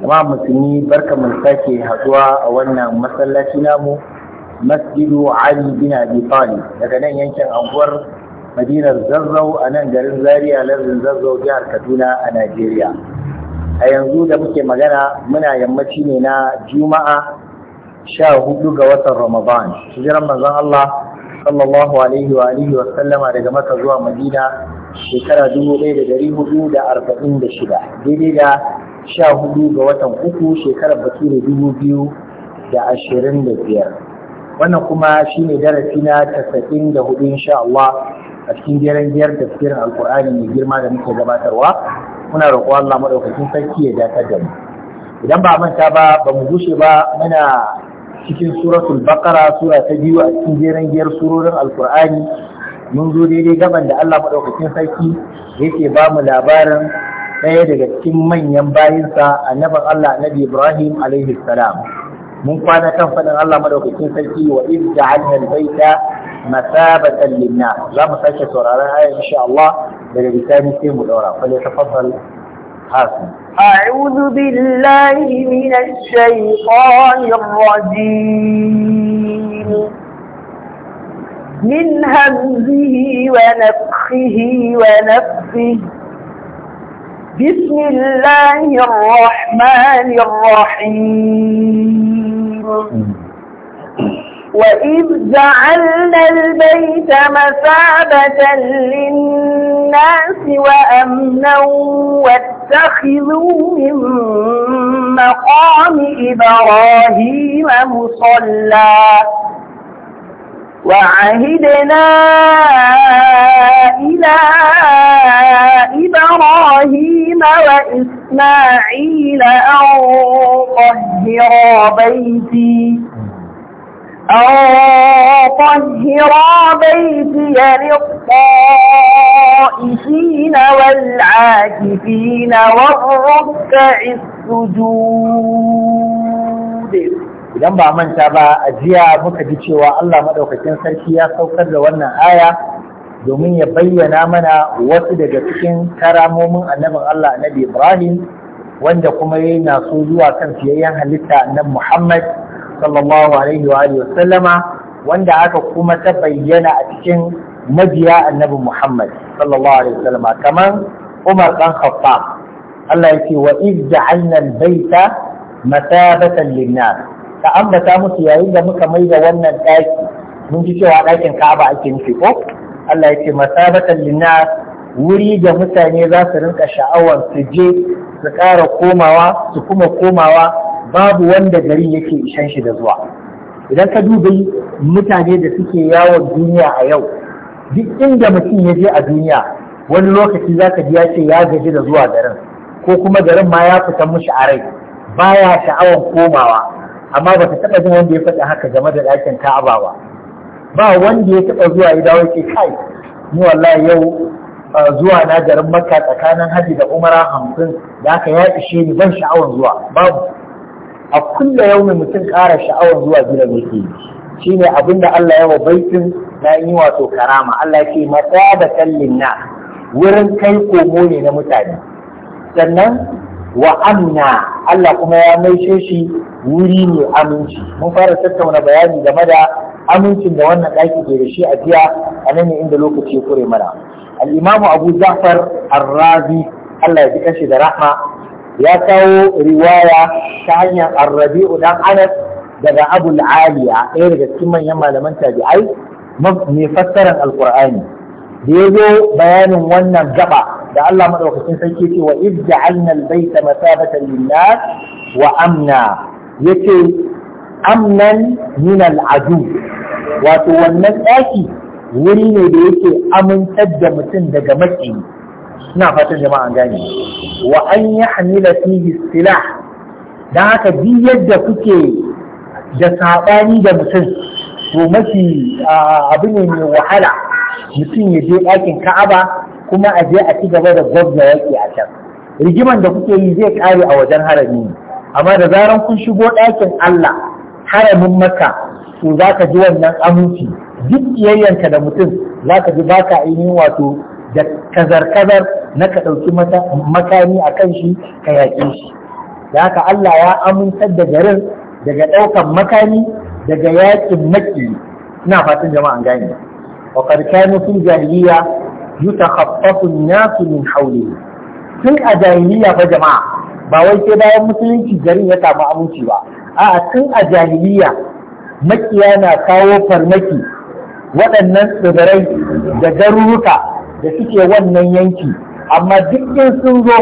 jama'a musulmi barka mu sake haduwa a wannan masallaci namu masjidu ali bin abi talib daga nan yankin anguwar madinar zazzau a nan garin zaria lardin zazzau jihar kaduna a najeriya a yanzu da muke magana muna yammaci ne na juma'a sha hudu ga watan ramadan hijiran manzon allah sallallahu alaihi wa alihi wa sallama daga maka zuwa madina shekara dubu ɗaya da ɗari hudu da arba'in da shida daidai da sha hudu ga watan uku shekarar bature dubu biyu da ashirin da biyar wannan kuma shine darasi na tasa'in da hudu insha Allah a cikin jeren jiyar tafsirin alkur'ani mai girma da muke gabatarwa muna roƙo Allah maɗaukakin sarki ya dakatar da mu idan ba manta ba ba mu gushe ba muna cikin suratul baqara sura ta biyu a cikin jeren jiyar surorin alkur'ani mun zo daidai gaban da Allah maɗaukakin sarki yake ba mu labarin ɗaya daga cikin manyan bayinsa a annabin Allah na Ibrahim alaihi salam mun kwana kan faɗin Allah madaukakin sarki wa iz ja'alna al-baita masabatan lin-nas za mu sake sauraron aya insha Allah daga bisani sai mu daura fa tafaddal Hasan. a'udhu billahi minash shaitanir rajim من همزه ونفخه ونفخه بسم الله الرحمن الرحيم وإذ جعلنا البيت مثابة للناس وأمنا واتخذوا من مقام إبراهيم مصلى وعهدنا إلى إبراهيم وإسماعيل أن طهرا بيتي طهرا بيتي للطائفين والعاكفين والركع السجود idan ba manta ba a jiya muka ji cewa Allah madaukakin sarki ya saukar da wannan aya domin ya bayyana mana wasu daga cikin karamomin annabin Allah annabi Ibrahim wanda kuma ya na so zuwa kan fiyayyen halitta na Muhammad sallallahu alaihi wa alihi wanda aka kuma ta bayyana a cikin majiya annabi Muhammad sallallahu alaihi sallama. kamar Umar dan Khattab Allah ya ce wa iz ja'alna al-baita mathabatan lin-nas ka ambata musu yayin da muka mai da wannan ɗaki mun ji cewa ɗakin Ka'aba ake nufi ko Allah ya ce masabatan linnas wuri da mutane za su rinka sha'awar su je su ƙara komawa su kuma komawa babu wanda gari yake ishan shi da zuwa idan ka dubi mutane da suke yawon duniya a yau duk inda mutum ya je a duniya wani lokaci za ka biya ya ce ya gaji da zuwa garin ko kuma garin ma ya fita mushi a rai baya sha'awar komawa amma ba taɓa jin wanda ya faɗi haka game da ɗakin ka'aba ba ba wanda ya taɓa zuwa ya dawo ke kai ni wallahi yau uh, zuwa na garin makka tsakanin haji da umara hamsin da aka ya ishe ni ban sha'awar zuwa babu a kulla yau mutum ƙara sha'awar zuwa gidan yake Shi shine abinda Allah ya wa baitin na yi wato karama Allah ce mata da kallin na wurin kai komo ne na mutane sannan wa amina Allah kuma ya maishe shi wuri ne aminci mun fara tattauna bayani game da amincin da wannan ɗaki ke da shi a jiya a nan ne inda lokaci ya kure mana al-imamu abu ja'far ar Allah ya ji kashi da rahma ya kawo riwaya ta hanyar ar-rabi'u dan anas daga abul aliya ɗaya daga cikin manyan malaman tabi'ai mai fassarar alqur'ani da ya zo bayanin wannan gaba da Allah maɗaukacin sarki ce wa ij'alna al-baita masabatan lin-nas wa amna yace amnan min al-adu wato wannan daki wuri ne da yake amintar da mutum daga matsi ina fatan jama'a an gane wa an yahmila fihi silah dan haka bi yadda kuke da sabani da mutum to mafi abu ne mai wahala mutum ya je ɗakin ka'aba kuma a je a ci gaba da gwamna yaƙi a can rigiman da kuke yi zai ƙare a wajen harami ne amma da zaran kun shigo ɗakin Allah haramin maka to za ka ji wannan aminci duk iyayyanka da mutum za ka ji baka ainihin wato da kazar-kazar na ka ɗauki makami a kan shi ka yaƙe shi da haka Allah ya amintar da garin daga ɗaukan makami daga yaƙin maki ina fatan jama'an gane وقد كانوا في الجاهلية يتخطف الناس من حولهم tun a jahiliya fa jama'a ba wai sai bayan musulunci garin ya samu aminci ba a'a tun a jahiliya maƙiya na kawo farmaki waɗannan tsibirai da garuruka da suke wannan yanki amma duk in sun zo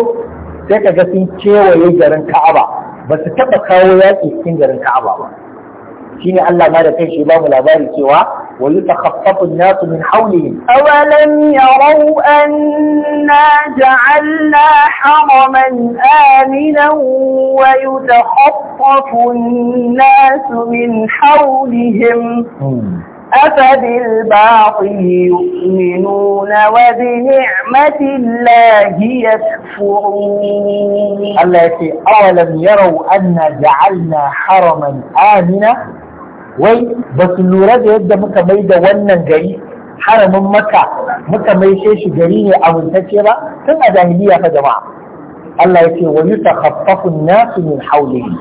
sai ka ga sun kewaye garin ka'aba ba su taɓa kawo yaƙi cikin garin ka'aba ba shine Allah ma da kai shi ba mu labari kewa? ويتخطف الناس من حولهم أولم يروا أنا جعلنا حرما آمنا ويتخطف الناس من حولهم أفبالباطل يؤمنون وبنعمة الله يكفرون الله يقول أولم يروا أنا جعلنا حرما آمنا wai ba su lura da yadda muka mai da wannan gari haramin maka muka mai shi gari ne amintacce ba tun a jahiliya fa jama'a Allah ya ce wa yutakhaffafu an-nasu min hawlihi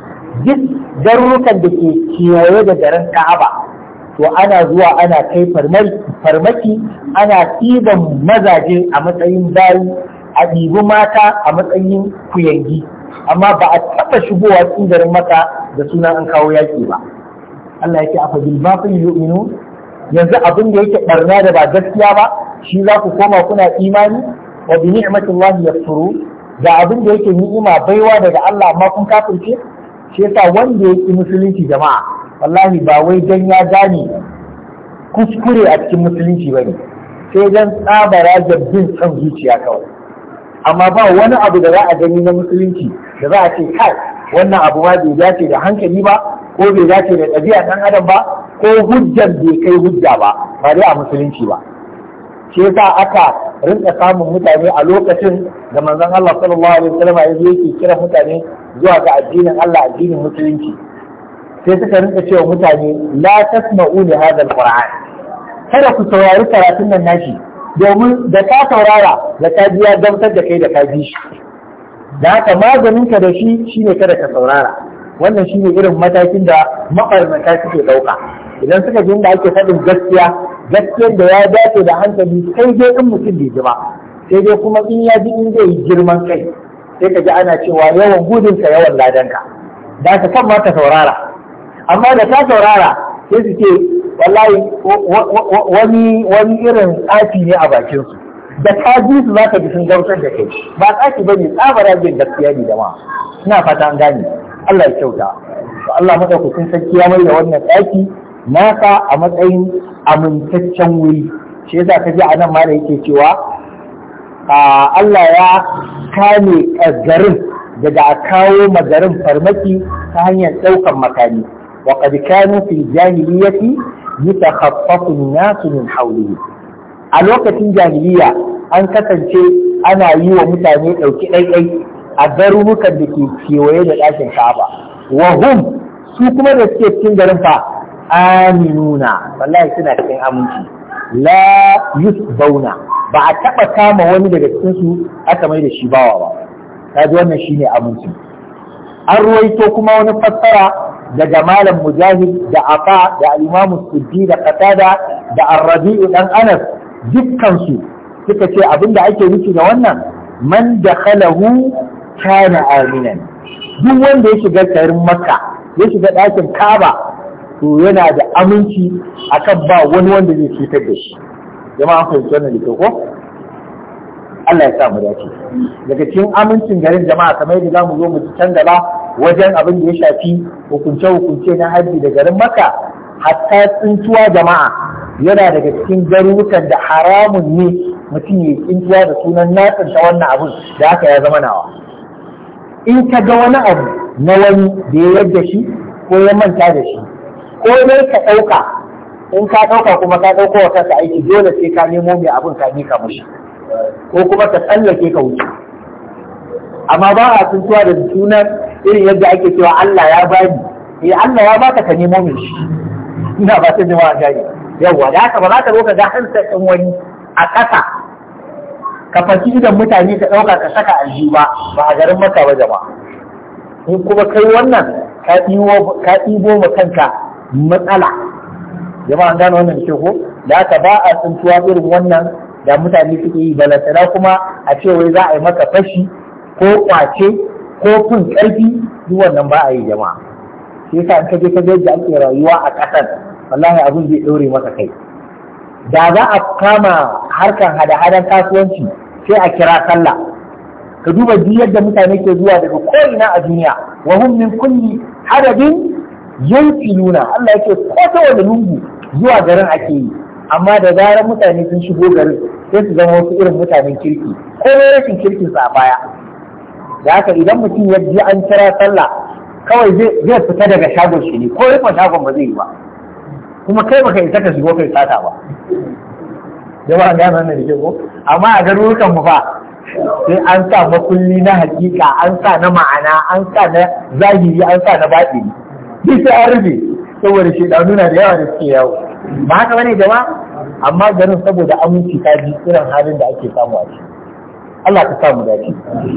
duk garurukan da ke kewaye da garin Ka'aba to ana zuwa ana kai farmaki ana ɗiban mazaje a matsayin bayi a ɗibi mata a matsayin kuyangi amma ba a taɓa shigowa cikin garin maka da sunan an kawo yaƙi ba Allah ya yake afa bil batil yu'minu yanzu abin da yake barna da ba gaskiya ba shi za ku koma kuna imani wa bi ni'matillahi yakfuru da abin da yake ni'ima baiwa daga Allah amma kun kafirce shi yasa wanda yake musulunci jama'a wallahi ba wai dan ya gane kuskure a cikin musulunci ba ne, sai dan tsabara da bin son zuciya kawai amma ba wani abu da za a gani na musulunci da za a ce kai wannan abu ba bai dace da hankali ba ko bai dace da ɗabi'a ɗan adam ba ko hujjar bai kai hujja ba ba dai a musulunci ba Ke sa aka rinka samun mutane a lokacin da manzon Allah sallallahu alaihi wasallam ya yake kira mutane zuwa ga addinin Allah addinin musulunci sai suka rinka cewa mutane la tasma'u li hadha alquran kada ku saurari karatun nan nashi domin da ka saurara da ka biya gamsar da kai da ka bi shi da haka maganinka da shi shine kada ka saurara wannan shine irin matakin da mafarmata suke ɗauka idan suka ji inda ake faɗin gaskiya gaskiyar da ya dace da hankali sai dai in mutum bai ji ba sai dai kuma in ya ji in zai yi girman kai sai ka ji ana cewa yawan gudunka yawan ladanka da ka san ma ka saurara amma da ta saurara sai su ce wallahi wani wani irin tsafi ne a bakin su da ka ji su za ka ji sun gamsar da kai ba tsafi ba ne tsabara gaskiya ne da ma ina fata an gane Allah ya kyauta to Allah madaukakin sarki ya mai da wannan ɗaki naka a matsayin amintaccen wuri shi yasa ka ji a nan ma da yake cewa Allah ya kame garin daga a kawo magarin farmaki ta hanyar ɗaukar makami wa qad kanu fil jahiliyyati yatakhaffafu an-nasu min hawlihi a lokacin jahiliya an kasance ana yi wa mutane ɗauki ɗaiɗai a garurukan da ke kewaye da ɗakin Ka'aba wa hum su kuma da suke cikin garin fa aminuna wallahi suna cikin aminci la yusbauna ba a taɓa kama wani daga cikin su aka mai da shi bawa ba kaji wannan shine aminci an ruwaito kuma wani fassara daga malam mujahid da afa da al-imamu da qatada da ar-rabi'u dan anas dukkan su suka ce abinda ake nufi da wannan man dakhalahu kana Amina, duk wanda ya shiga garin makka ya shiga ɗakin kaba to yana da aminci akan ba wani wanda zai cutar da shi jama'a an fahimci wannan da ko Allah ya sa mu dace daga cikin amincin garin jama'a kamar yadda zamu zo mu ci can gaba wajen abin da ya shafi hukunce hukunce na haji da garin maka hatta tsintuwa jama'a yana daga cikin garurukan da haramun ne mutum ya tsintuwa da sunan na tsinta wannan abin da haka ya zama nawa in ka ga wani abu na wani da ya yadda shi ko ya manta da shi ko dai ka ɗauka in ka ɗauka kuma ka ɗauko wa kanka aiki dole sai ka nemo mai abin ka mika mushi ko kuma ka tsallake ka wuce amma ba a tuntuwa da sunan irin yadda ake cewa Allah ya bani eh Allah ya baka ka nemo mai shi ina ba ta jama'a gani yawa da haka ba za ka zo ka ga hansa ɗin wani a ƙasa ka faci idan mutane ka ɗauka ka saka aljihu ba ba a garin maka ba jama'a in kuma kai wannan ka ɗibo ma kanka matsala jama'a gane wannan ke da aka ba a tsintuwa irin wannan da mutane suke yi balantana kuma a ce wai za a yi maka fashi ko kwace ko fin ƙarfi duk wannan ba a yi jama'a sai yasa in ka je ka ake rayuwa a ƙasar wallahi abin zai ɗaure maka kai da za a kama harkar hada-hadan kasuwanci sai a kira sallah ka duba duk yadda mutane ke zuwa daga ko'ina a duniya wa hum min kulli hadadin yanqiluna Allah yake ko ta wani lungu zuwa garin ake yi amma da zarar mutane sun shigo garin sai su zama wasu irin mutanen kirki ko rashin kirkin sa a baya da haka idan mutum ya ji an kira sallah kawai zai fita daga shagon shi ne ko rufe shagon ba zai yi ba kuma kai baka isa ka shigo kai sata ba jama'a gane nan ne ko amma a garurukan mu fa sai an sa makulli na hakika an sa na ma'ana an sa na zahiri an sa na baɗi ni sai an rufe saboda da na da yawa da suke yawo ba haka bane jama'a amma garin saboda aminci ta ji irin halin da ake samu a ciki Allah ka samu dace sai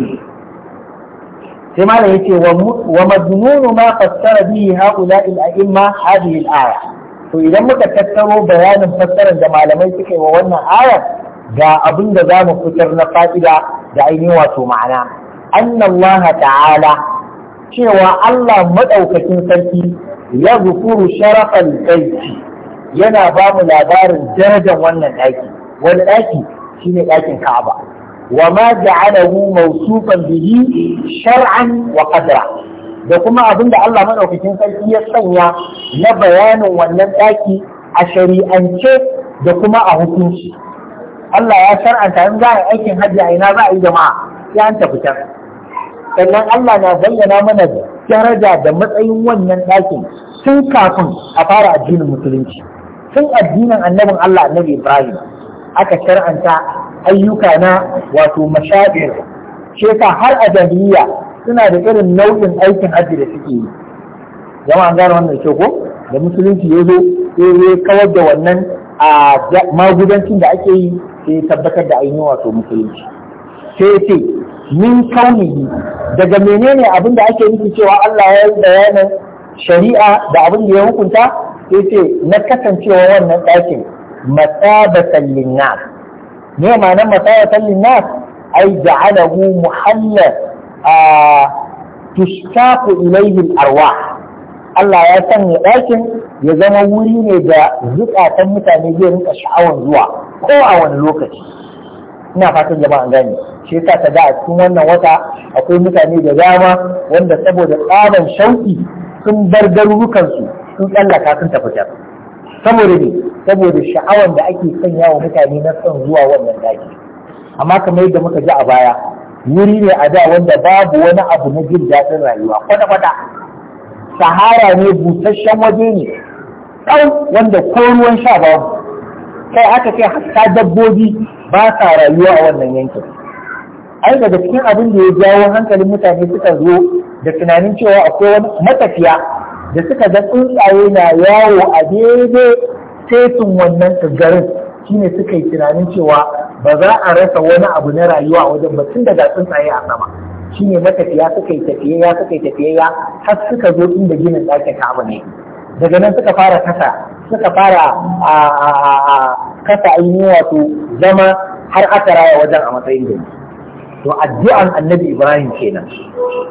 Malam yace wa madnunu ma fassara bihi haula'il a'imma hadhihi al-aya to idan muka tattaro bayanin fassarar da malamai suka yi wa wannan ayar ga abin da za mu fitar na fa'ida da ainihin wato ma'ana annallaha ta'ala cewa Allah maɗaukakin sarki ya zukuru sharafan ɗaiki yana ba mu labarin darajar wannan ɗaki wani ɗaki shine ɗakin Ka'aba wa ma ja'alahu mawsufan bihi shar'an wa qadra da kuma abin da Allah maɗaukakin sarki ya sanya na bayanin wannan ɗaki a shari'ance da kuma a hukunci. Allah ya shar'anta in za a aikin hajji a ina za a yi jama'a sai an tafi can. Sannan Allah na bayyana mana daraja da matsayin wannan ɗakin tun kafin a fara addinin musulunci. Tun addinin annabin Allah annabi Ibrahim aka shar'anta ayyuka na wato mashabir. har a jahiliya suna da irin nau'in aikin hajji da suke yi jama'a an gane wannan ko da musulunci ya zo ya kawar da wannan a magudancin da ake yi sai ya tabbatar da ainihin wato musulunci sai ce min kaunihi daga menene abin da ake nufi cewa Allah ya yi bayanin shari'a da abin da ya hukunta sai ce na kasancewa wannan ɗakin matsabatan linnas me ma'anar matsabatan linnas ai ja'alahu Muhammad. tushtaku ilayhim arwa Allah ya sanya ɗakin ya zama wuri ne da zukatan mutane zai rinka sha'awar zuwa ko a wani lokaci ina fatan an gane shi yasa ka ga a cikin wannan wata akwai mutane da dama wanda saboda tsaban shauki sun bar garurukan su sun tsallaka sun tafi can saboda ne saboda sha'awar da ake sanya wa mutane na son zuwa wannan daki amma kamar yadda muka ji a baya wuri ne a da wanda babu wani abu na jin daɗin rayuwa kwata-kwata sahara ne busasshen waje ne ɗau wanda ko ruwan sha babu kai aka ce hatta dabbobi ba sa rayuwa a wannan yankin ai daga cikin abin da ya jawo hankalin mutane suka zo da tunanin cewa akwai wani matafiya da suka ga tsuntsaye na yawo a daidai tetin wannan garin shine suka yi tunanin cewa ba za a rasa wani abu na rayuwa wajen ba tun daga tsuntsaye a sama shine matafiya suka yi tafiya suka yi tafiya har suka zo inda ginin ɗakin ka'aba ne daga nan suka fara kasa suka fara a kasa ainihin wato zama har aka raya wajen a matsayin gari to addu'an annabi ibrahim kenan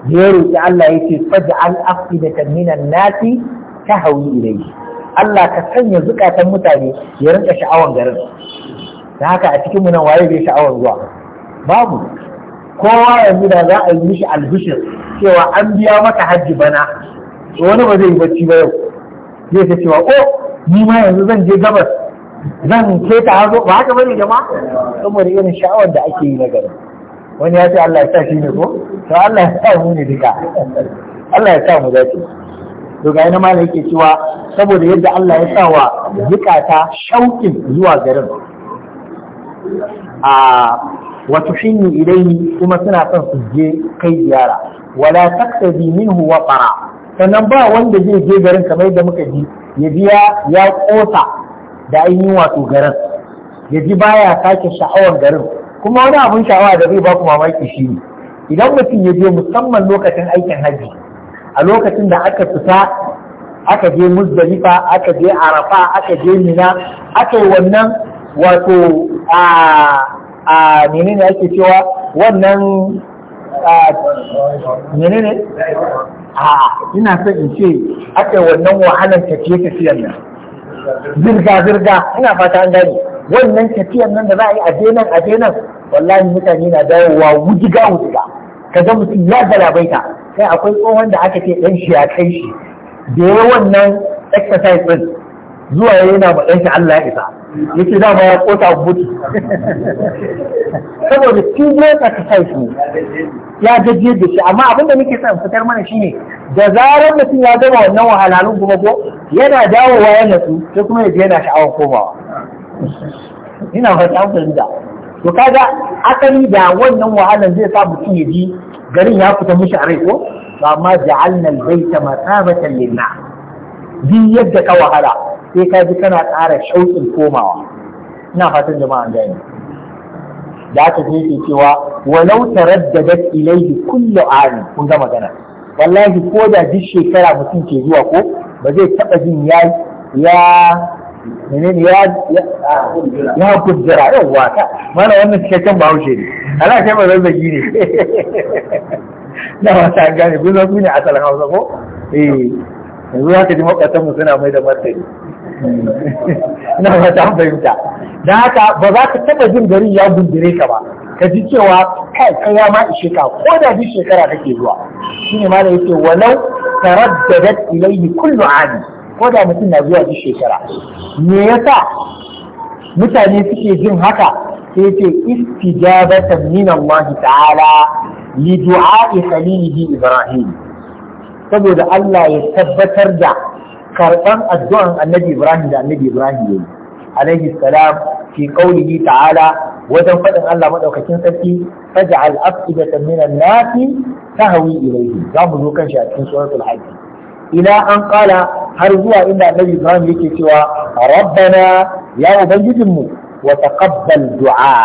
ya roƙi Allah ya ce faj'al da minan nasi ta hawi ilayhi Allah ka sanya zukatan mutane ya rinka sha'awan garin da haka a cikin mu nan waye bai sha'awar zuwa babu kowa yanzu da za a yi mishi albishir cewa an biya maka hajji bana wani ba zai yi bacci ba yau zai ta cewa o oh, ni ma yanzu zan je gabas zan keta hazo ba haka bane jama'a saboda irin sha'awar da ake yi na gari wani ya ce Allah ya sa shi ne ko to Allah ya sa mu ne duka Allah ya sa mu dace to ga ina malai yake cewa saboda yadda Allah ya sa wa zukata shaukin zuwa garin a wato shinni ilaihi kuma suna son su je kai ziyara wala taktabi minhu wa fara sannan ba wanda zai je garin kamar yadda muka ji ya biya ya kosa da ainihin wato garin ya ji baya sake sha'awar garin kuma wani abun sha'awa da zai ba ku mamaki shi ne idan mutum ya je musamman lokacin aikin hajji a lokacin da aka fita aka je muzdalifa aka je arafa aka je mina aka yi wannan wato a menene ake cewa wannan menene a ina son in ce ake wannan wahalar tafiye tafiyan nan zirga zirga ina fata an gani wannan tafiyan nan da za a yi daina-a adenan wallahi mutane na dawowa wujiga wujiga Ka kaga mutum ya galabaita sai akwai tsohon da aka ce dan shi ya kai shi da wannan exercise din zuwa ya yana ma ɗanshi Allah ya isa yake dama ya kota a buti saboda cibiyar ka sa shi ya gajiyar da shi amma abinda nake son fitar mana shine da zarar mutum ya gama wannan wahalhalun kuma ko yana dawowa ya nasu, sai kuma ya je yana sha'awar komawa ina fata an fahimta to kaga asali da wannan wahalan zai sa mutum ya ji garin ya fita mishi a rai ko amma ja'alna baita masabatan lin-nas yadda ka wahala sai ka ji kana ƙara shauƙin komawa ina fatan jama'a gani da aka je ke cewa walau taraddadat ilaihi kullu ari kun ga magana wallahi ko da duk shekara mutum ke zuwa ko ba zai taɓa jin ya ya menene ya ya kujira yawa ka mana wannan cikakken bahaushe ne ala kai ba zagi ne na wata gane kun zo ne asalin hausa ko eh yanzu haka ji makwatan mu suna mai da martani ina ba fahimta da haka ba za ka taba jin garin ya gundure ka ba ka ji cewa kai kai ya ma ishe ka ko da bi shekara take zuwa shine ma da yake walau taraddadat ilayhi kullu ani ko da mutum na zuwa bi shekara me yasa mutane suke jin haka sai yace istijabatan min Allah ta'ala li du'a'i khalilihi Ibrahim saboda Allah ya tabbatar da karɓan addu'an annabi Ibrahim da annabi Ibrahim yayi alaihi salam fi qaulihi ta'ala wajen faɗin Allah madaukakin sarki faj'al afidatan minan nasi hawi ilaihi. za mu zo kan shi a cikin suratul ila an qala har zuwa inda annabi Ibrahim yake cewa rabbana ya ubangijinmu wa taqabbal du'a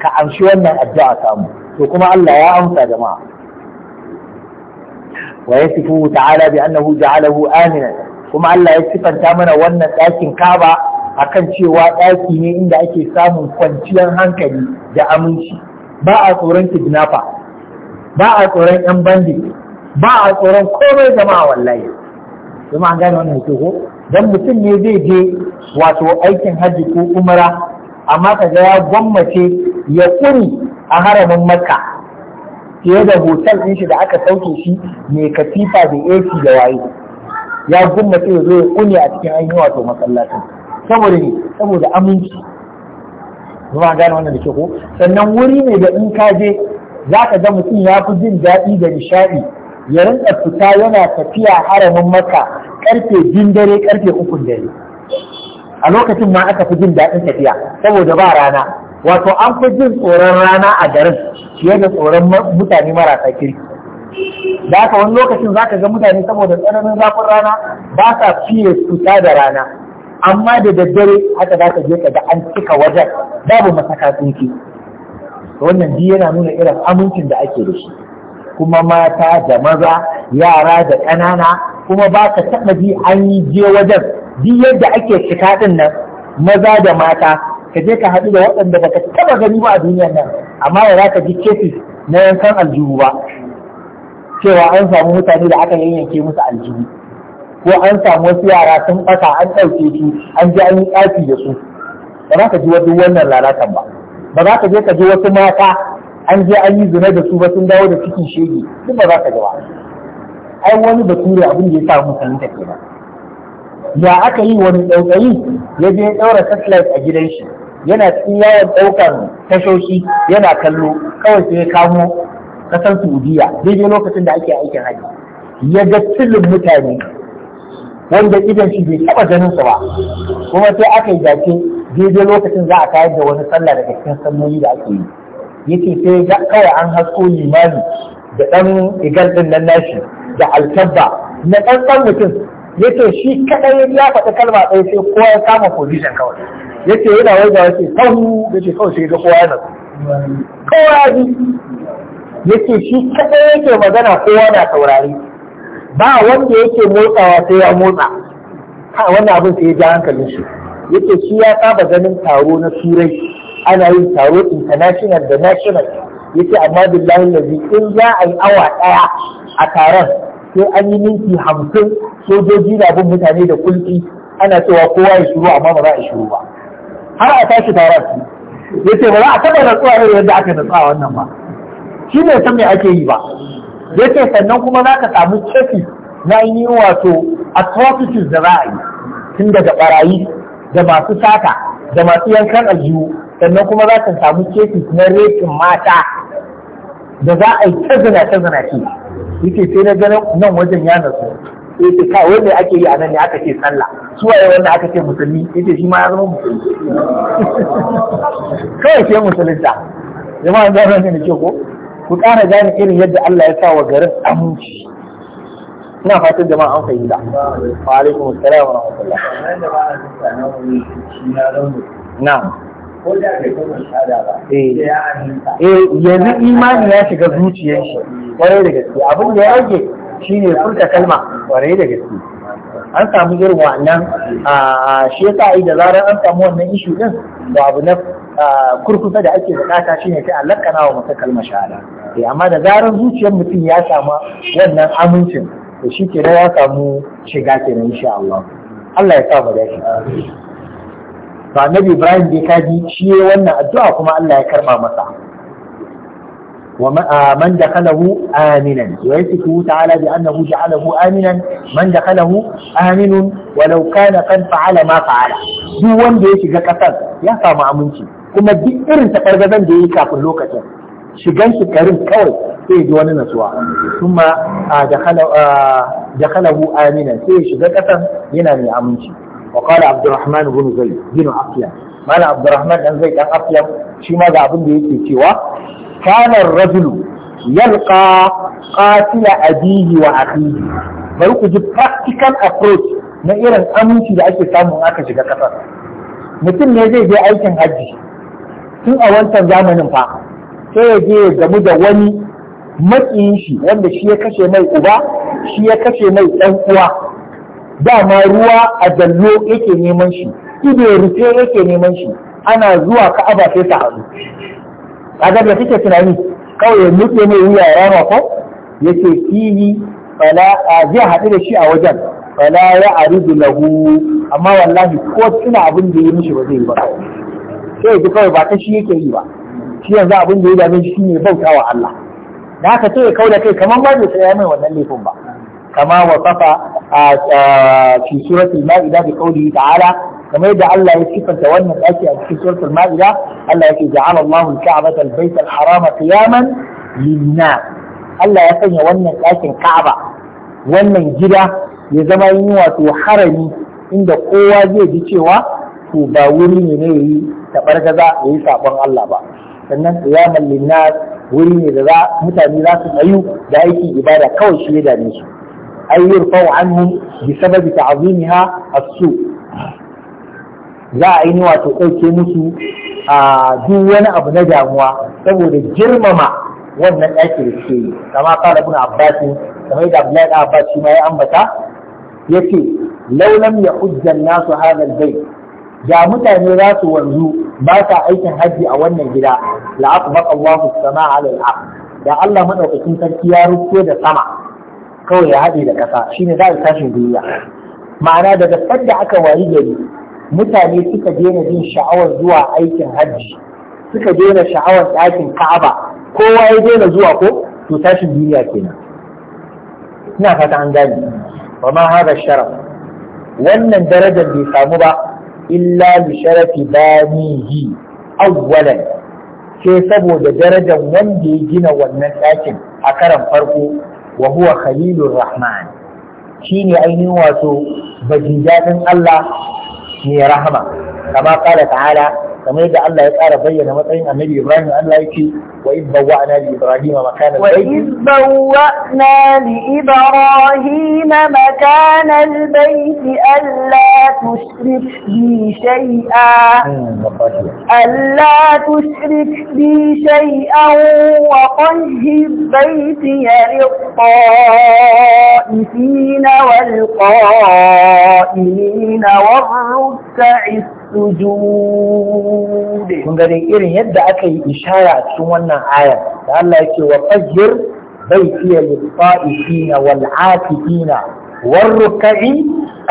ka amshi wannan addu'a samu to kuma Allah ya amsa jama'a ta'ala bi annahu ja'alahu Amina? kuma Allah ya sifanta mana wannan ɗakin kaba akan cewa ɗaki ne inda ake samun kwanciyar hankali da aminci ba a tsoron kidnapper ba a tsoron yan bandit ba a tsoron komai jama'a wallahi kuma an gane wannan ko dan mutum ne zai je wato aikin hajji ko umara amma kaga ya gwammace ya kuri a haramin makka fiye da hotel ɗin shi da aka sauke shi mai katifa da AC da waye ya gumma ya zo ya kunya a cikin ainihin wato masallacin saboda ne saboda aminci kuma gane wannan da ke ko sannan wuri ne da in ka je za ka ga mutum ya fi jin daɗi da nishaɗi ya rinka fita yana tafiya haramin maka karfe jin dare karfe ukun dare a lokacin ma aka fi jin daɗin tafiya saboda ba rana wato an fi jin tsoron rana a garin fiye da tsoron mutane marasa kirki da aka wani lokacin za ka ga mutane saboda tsananin zafin rana ba sa fiye fita da rana amma da daddare haka za ka je ka ga an cika wajen babu masaka tsinki wannan biyu yana nuna irin amincin da ake da shi kuma mata da maza yara da ƙanana kuma ba ka taɓa ji an yi je wajen biyu yadda ake cika ɗin nan maza da mata ka je ka haɗu da waɗanda ba ka taɓa gani ba a duniyar nan amma ya za ka ji kefi na yankan aljihu ba cewa an samu mutane da aka yayyanke musu aljihu ko an samu wasu yara sun fata an ɗauke su an ji an yi ɗaki da su ba za ka ji duk wannan lalatan ba ba za ka je ka ji wasu mata an je an yi zina da su ba sun dawo da cikin shege duk ba za ka ji ba ai wani bature abin da ya sa mutane ta kenan ya aka yi wani ɗaukayi ya je ɗaura satellite a gidan shi yana cikin yawon ɗaukar tashoshi yana kallo kawai sai ya kamo ƙasar Saudiya daidai lokacin da ake aikin haji ya ga tilin mutane wanda idan shi bai taɓa ganin su ba kuma sai aka yi dace daidai lokacin za a kayar da wani sallah daga cikin da ake yi yake sai ga kawai an hasko limani da ɗan igal ɗin nan nashi da alkabba na ɗan mutum yake shi kaɗai ya faɗi kalma ɗaya sai kowa ya kama position kawai yake yana wai da wace sahu yake kawai sai ga kowa yana kowa ya bi yake shi kaɗai yake magana kowa na saurari ba wanda yake motsawa sai ya motsa ha wannan abin sai ya ja hankalin shi yake shi ya saba ganin taro na turai ana yin taro international da national yake amma billahi lazi in za a yi awa ɗaya a taron sai an yi minti hamsin sojoji na bin mutane da kulki ana cewa kowa ya shiru amma ba za a shiru ba har a tashi taron yace ba za a taɓa natsuwa irin yadda aka natsa wannan ba shi bai san me ake yi ba ce sannan kuma za ka samu kefi na yi wato atrocities da za a yi tun daga barayi da masu sata da masu yankan aljihu sannan kuma za ka samu kefi na rekin mata da za a yi ta zina ta zina ce yake sai na ganin nan wajen ya nasu yace ka wanda ake yi a nan ne aka ce sallah su waye wanda aka ce musulmi yace shi ma ya zama musulmi kawai ke musulunta jama'a zama ne ke ko ku ƙara gane irin yadda Allah ya sa wa garin aminci ina fatan jama'a an fahimta wa alaikum assalam wa rahmatullah na'am eh. eh yanzu imani ya shiga zuciyar shi kwarai da gaske abin da ya rage Shi ne furta kalma kwarai da gaske an samu irin wannan shi ya da zarar an samu wannan ishu din da abu na kurkusa da ake bukata shine sai allaka kana wa mutum kalma shahada eh, amma da zarar zuciyar mutum ya samu wannan amincin da shi ke ya samu shiga kenan insha Allah Allah ya sa mu dace to annabi Ibrahim dai kaji shi wannan addu'a kuma Allah ya karba masa ومن دخله آمنا ويثبته تعالى بأنه جعله آمنا من دخله آمن ولو كان قد فعل ما فعل duk wanda ya shiga ƙasar ya samu aminci kuma duk irin takargazan da ya yi kafin lokacin shigan shi garin kawai sai ji wani nasuwa kuma dakhalahu amina sai ya shiga ƙasar yana mai aminci wa qala abdurrahman ibn zayd bin afyan mala abdurrahman dan zayd dan afyan shi ma a abin da yake cewa kana rajulu yalqa qatila abihi wa akhihi bari ku ji practical approach na irin aminci da ake samu aka shiga kasar mutum ne zai je aikin hajji tun a wancan zamanin fa sai ya je gamu da wani makiyin shi wanda shi ya kashe mai uba shi ya kashe mai ɗan uwa dama ruwa a jallo yake neman shi ido rufe yake neman shi ana zuwa ka'aba sai sa kaga da kike tunani kawai ya nuke mai wuya ya rama ko yace fihi fala zai haɗu da shi a wajen fala ya aridu lahu amma wallahi ko tuna abin da ya mishi ba zai yi ba sai ji kawai ba ta shi yake yi ba shi yanzu abin da ya dame shi ne bautawa Allah da haka sai ya kauda kai kamar ba zai tsaya mai wannan laifin ba kama wasafa a fi suratul ma'ida bi qawlihi ta'ala kamar da Allah ya sifanta wannan daki a cikin suratul ma'ida Allah yake ja'ala Allahu al-ka'bata al-bayta al-harama qiyaman lin Allah ya sanya wannan ɗakin Ka'aba wannan gida ya zama yin wato harami inda kowa zai ji cewa to ba wuri ne ne yayi tabargaza yayi sabon Allah ba sannan qiyaman lina wuri ne da mutane za su tsayu da aikin ibada kawai shi ya dame su أي يرفع عنهم بسبب تعظيمها السوء za a yi wato ɗauke musu a duk wani abu na damuwa saboda girmama wannan ɗaki da suke yi kama kala ibn abbas kamar abdullahi da abbas shi ma ya ambata yace ce lam yahujja an-nasu hadha bai da mutane za su wanzu ba sa aikin hajji a wannan gida la aqbata Allahu as-samaa da Allah maɗaukacin sarki ya rufe da sama kawai ya haɗe da ƙasa shine za a tashin duniya ma'ana daga sanda aka wayi gari mutane suka daina jin sha'awar zuwa aikin hajji suka daina sha'awar ɗakin ka'aba kowa ya daina zuwa ko to tashin duniya kenan ina fata an gane wa ma hada sharaf wannan darajar bai samu ba illa bi sharafi banihi awwalan sai saboda darajar wanda ya gina wannan ɗakin a karan farko wa huwa khalilur rahman shine ainihin wato bajin dadin Allah mai rahama kama kala ta'ala kamar yadda Allah ya ƙara bayyana matsayin annabi Ibrahim Allah yake wa iz bawwa'na li Ibrahim makana wa iz bawwa'na li Ibrahim makana al-bayt alla tushrik bi shay'a alla tushrik bi shay'an wa qahhir bayti للطائفين والقائمين والركع السجود sujud kun irin yadda aka yi ishara a cikin wannan ayar da Allah yake wa fajr fiye lit-ta'ifina wal-'akifina war-ruk'i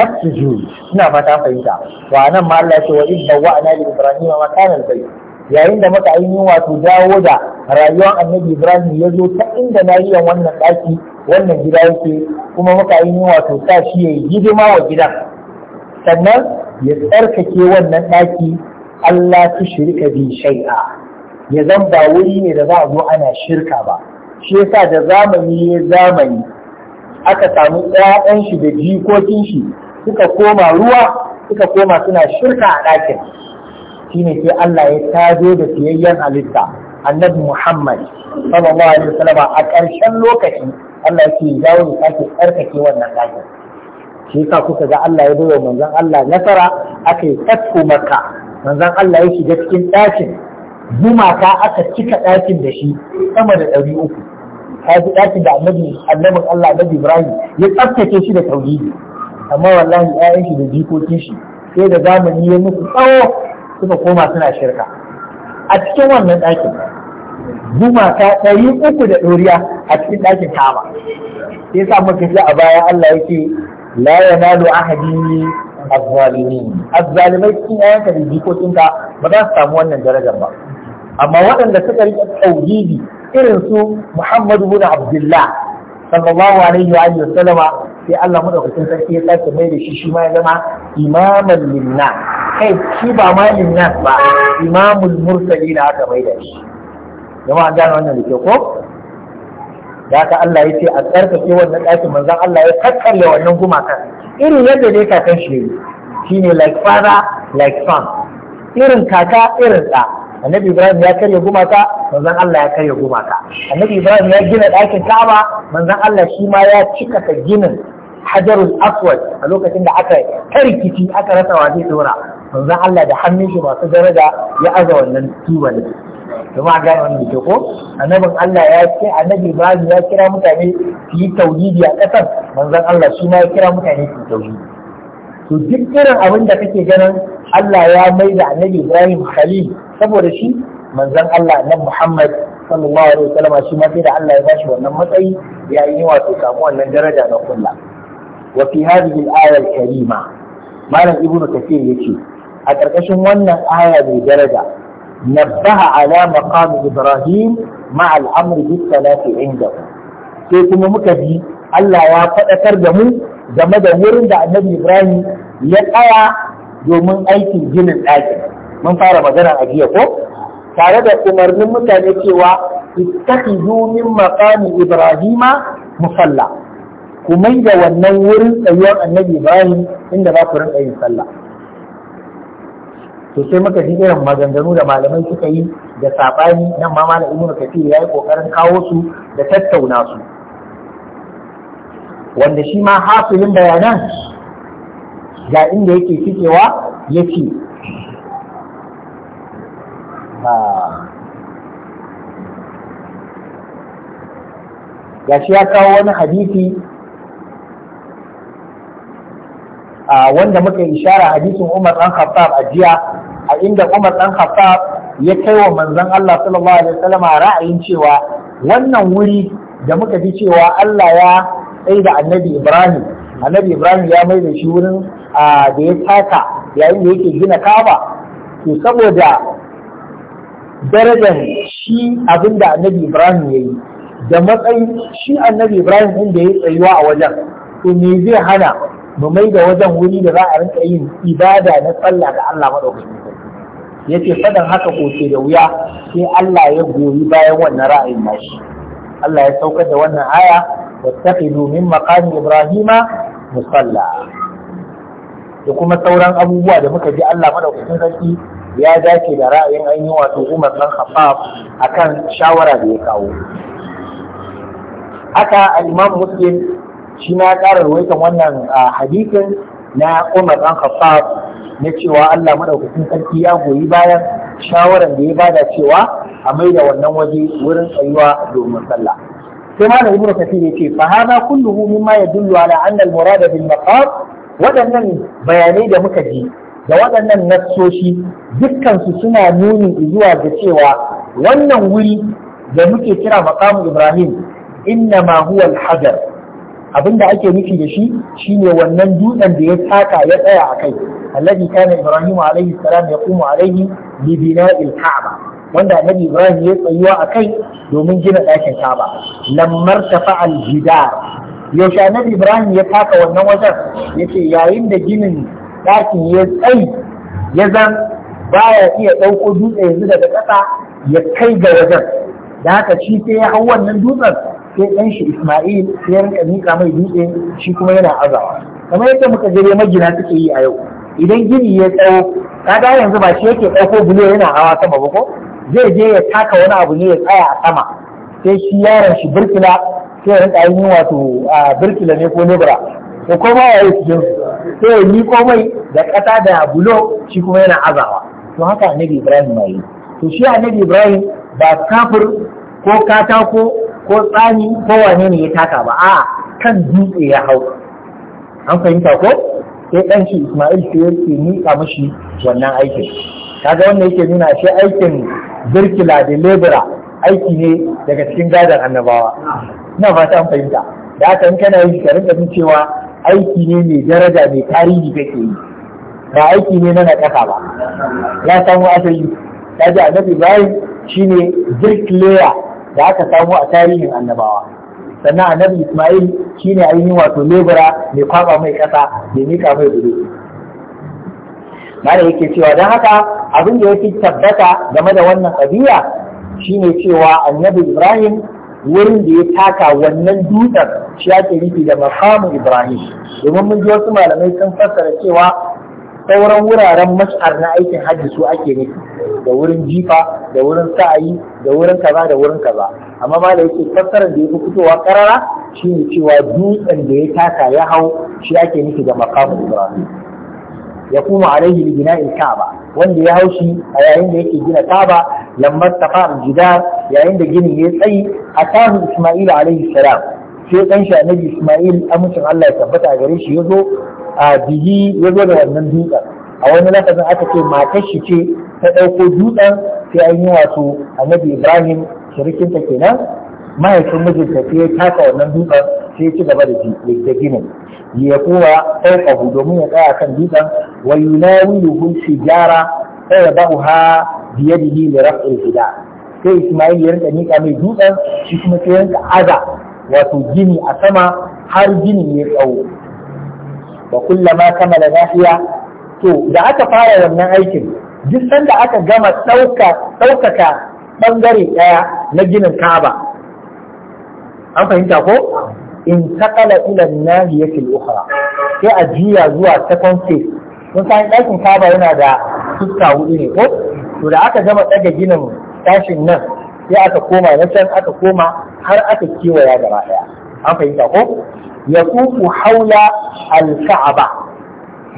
as-sujud ina fata fahimta wa nan ma Allah yake wa idda wa'ana li ibrahim makana al yayin da muka yi wato dawo da rayuwar annabi ibrahim ya zo ta inda nariyan wannan ɗaki wannan gida yake kuma muka yi wato sa shi ya yi hidima wa gidan sannan ya tsarkake wannan ɗaki Allah su shirka bi shai'a ya zan ba wuri ne da za a zo ana shirka ba shi yasa da zamani ya zamani aka samu ɗayan shi da jikokin shi suka koma ruwa suka koma suna shirka a ɗakin shine sai Allah ya tazo da siyayyen halitta annabi Muhammad sallallahu alaihi wasallam a ƙarshen lokaci Allah ya ce ya sake tsarkake wannan ɗakin shi sa kuka ga Allah ya bawa manzon Allah nasara aka yi fatko maka manzon Allah ya shiga cikin ɗakin gumaka aka cika ɗakin da shi sama da ɗari uku ka ji ɗakin da annabi annabin Allah annabi Ibrahim ya tsaftace shi da tauhidi amma wallahi ƴaƴan shi da jikokin shi sai da zamani ya musu tsawo suka koma suna shirka a cikin wannan ɗakin gumaka ɗari uku da ɗoriya a cikin ɗakin kama sai sa muka ji a baya Allah yake la yanalu ahadi azzalimin azzalimai cikin ayanka da jikokinka ba za su samu wannan darajar ba amma waɗanda suka riƙe tauhidi irin su Muhammadu bin Abdullah sallallahu alaihi wa sallama sai Allah madaukakin sarki ya sake mai da shi shi ma ya zama imaman linna kai shi ba ma linna ba imamul mursalin aka mai da shi jama'a gane wannan da ke ko da haka Allah ya ce a tsarkake wannan ɗakin manzon Allah ya kakkalle wannan gumakan irin yadda dai kakan shi yayi shine like father like son irin kaka irin ɗa annabi Ibrahim ya karya gumaka manzon Allah ya karya gumaka annabi Ibrahim ya gina ɗakin Ka'aba manzon Allah shi ma ya cika ka ginin hajarul aswad a lokacin da aka rikici aka rasa wa zai dora manzon Allah da hannun shi masu daraja ya aza wannan tubalin kuma gane wannan da ko annabin Allah ya ce annabi Ibrahim ya kira mutane su yi tauhidi a ƙasar manzon Allah shi ma ya kira mutane su yi tauhidi to duk irin abin da kake ganin Allah ya mai da annabi Ibrahim Khalil saboda shi manzon Allah nan Muhammad sallallahu alaihi wasallam shi ma sai da Allah ya bashi wannan matsayi ya yi wato samu wannan daraja na kulla wa fi hadhihi al-aya al-karima malam ibnu kathir yace a ƙarƙashin wannan aya mai daraja نبه على مقام إبراهيم مع الأمر بالصلاة عنده sai kuma muka bi Allah ya faɗakar da mu game da wurin da annabi Ibrahim ya tsaya domin aikin ginin ɗakin mun fara magana a jiya ko tare da umarnin mutane cewa ittakhidhu dumin maqami ibrahima musalla ku mai da wannan wurin tsayuwar annabi Ibrahim inda za ku rinka yin sallah to sai muka ji irin maganganu da malamai suka yi da saɓani nan ma malam ibnu kafir ya yi ƙoƙarin kawo su da tattauna su wanda shi ma hasilin bayanan ga inda yake cikewa ya ce ga shi ya kawo wani hadisi wanda muka ishara hadisin Umar dan Khattab a jiya a inda Umar dan Khattab ya kai wa manzon Allah sallallahu alaihi wasallam ra'ayin cewa wannan wuri da muka ji cewa Allah ya da Annabi Ibrahim Annabi Ibrahim ya mai da shi wurin da ya taka yayin da yake gina Kaaba to saboda darajar shi abinda Annabi Ibrahim yayi da matsayin shi Annabi Ibrahim inda ya tsayuwa a wajen to me zai hana mu mai da wajen wuri da za a rinka yin ibada na tsalla da Allah maɗaukakin ya ce faɗan haka koke da wuya sai Allah ya goyi bayan wannan ra'ayin nashi Allah ya saukar da wannan aya wattaqidu domin maqami ibrahima musalla da kuma sauran abubuwa da muka ji Allah maɗaukakin sarki ya dace da ra'ayin ainihin wato Umar dan a akan shawara da ya kawo haka al-Imam Muslim shi na ya ƙara ruwaitan wannan hadisin na Umar ɗan Khattab na cewa Allah madaukakin sarki ya goyi bayan shawaran da ya bada cewa a mai da wannan waje wurin tsayuwa domin sallah sai ma da ibn kathir yace fa hada kulluhu mimma yadullu ala anna al-murad bil maqam waɗannan bayanai da muka ji da waɗannan nassoshi dukkansu suna nuni zuwa ga cewa wannan wuri da muke kira maqamu ibrahim inna ma huwa al-hajar abin da ake nufi da shi shine wannan dutsen da ya taka ya tsaya a kai alladhi kana ibrahim alaihi salam yaqumu alaihi li bina'il ka'ba wanda annabi ibrahim ya tsayuwa a kai domin gina ɗakin ka'ba lammar al jidar yaushe annabi ibrahim ya taka wannan wajen yace yayin da ginin ɗakin ya tsayi ya zan baya iya ɗauko dutse yanzu daga ƙasa ya kai ga wajen da haka shi sai ya hau wannan dutsen sai ɗan shi Ismail sai ya rinka miƙa mai dutse shi kuma yana azawa kamar yadda muka gare magina suke yi a yau idan gini ya tsawo ga yanzu ba shi yake ɗauko bulo yana hawa sama ba ko zai je ya taka wani abu ne ya tsaya a sama sai shi yaron shi birkila sai ya rinka yin wato birkila ne ko lebura ko kuma ya yi cikin sai ya komai da ƙasa da bulo shi kuma yana azawa to haka annabi Ibrahim ya yi to shi annabi Ibrahim ba kafir ko katako ko tsani ko wane ne ya taka ba a kan dutse ya hau an fahimta ko sai dan shi Isma'il sai ke miƙa mashi wannan aikin kaga wannan yake nuna shi aikin birkila da lebura aiki ne daga cikin gadon annabawa ina fata an fahimta da haka in kana yin karin da cewa aiki ne mai daraja mai tarihi kake yi ba aiki ne na nakasa ba ya samu asali kaji annabi bayan shine birkileya da aka samu a tarihin annabawa sannan annabi Ismail shine ainihin wato lebura mai kwaba mai kasa mai mika mai gudu mara yake cewa don haka abin da ya fi tabbata game da wannan kabila shine cewa annabi Ibrahim wurin da ya taka wannan dutsen shi ake nufi da makamu Ibrahim domin mun ji wasu malamai sun fassara cewa sauran wuraren mash'ar na aikin hajji su ake nufi da wurin jifa da wurin sa'ayi da wurin kaza da wurin kaza amma ma da yake fassarar da yake fitowa karara shine cewa dutsen da ya taka ya hau shi ake nufi da maqamu ibrahim ya kuma alaihi li bina'il ka'aba wanda ya hau shi a yayin da yake gina ka'aba lamma tafa jidar yayin da ginin ya tsayi atahu isma'il alaihi salam sai ɗan shi annabi Ismail amincin Allah ya tabbata a gare shi ya zo a bihi ya zo da wannan dutsen a wani lafazin aka ce matar shi ce ta ɗauko dutsen sai an yi wato annabi Ibrahim shirikinta kenan mahaifin mijinta sai ya taka wannan dutsen sai ya ci gaba da ginin ya kowa ɗaukahu domin ya tsaya kan dutsen wa yunawiluhu shijara sai ya ba'uha biyadihi li raf'il hida sai Ismail ya rinka miƙa mai dutsen shi kuma sai ya rinka aza wato gini a sama har gini ya tsawo wa kullama kamala nahiya to da aka fara wannan aikin duk sanda aka gama ɗaukaka ɓangare ɗaya na ginin kaba an fahimta ko in takala ila nahiyatil ukhra sai a jiya zuwa second phase mun san ɗakin kaba yana da fuska hudu ne ko to da aka gama ɗaga ginin tashin nan sai aka koma na can aka koma har aka kewaya gaba daya an fahimta ko ya kuku haula alka'aba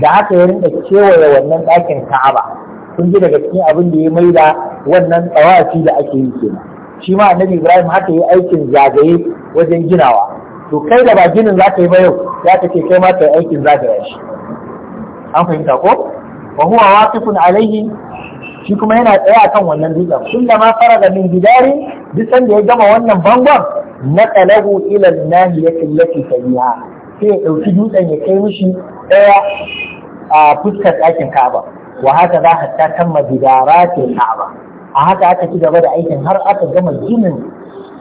da aka yi rinda kewaye wannan ɗakin ka'aba kun ji daga cikin abin da ya maida wannan tsawaci da ake yi kenan shi ma annabi ibrahim haka yi aikin zagaye wajen ginawa to kai da ba ginin za ka yi ba yau ya ka ce kai ma ka yi aikin zagaya shi an fahimta ko wa huwa waqifun alaihi shi kuma yana tsaye akan wannan dutsen kullama faraga min gidari, duk sanda ya gama wannan bangon naqalahu ila an-nahiyati allati fiha sai ya dauki dutsen ya kai mishi daya a fuskar ɗakin Ka'aba wa haka za hatta tamma ke Ka'aba a haka aka ci gaba da aikin har aka gama jinin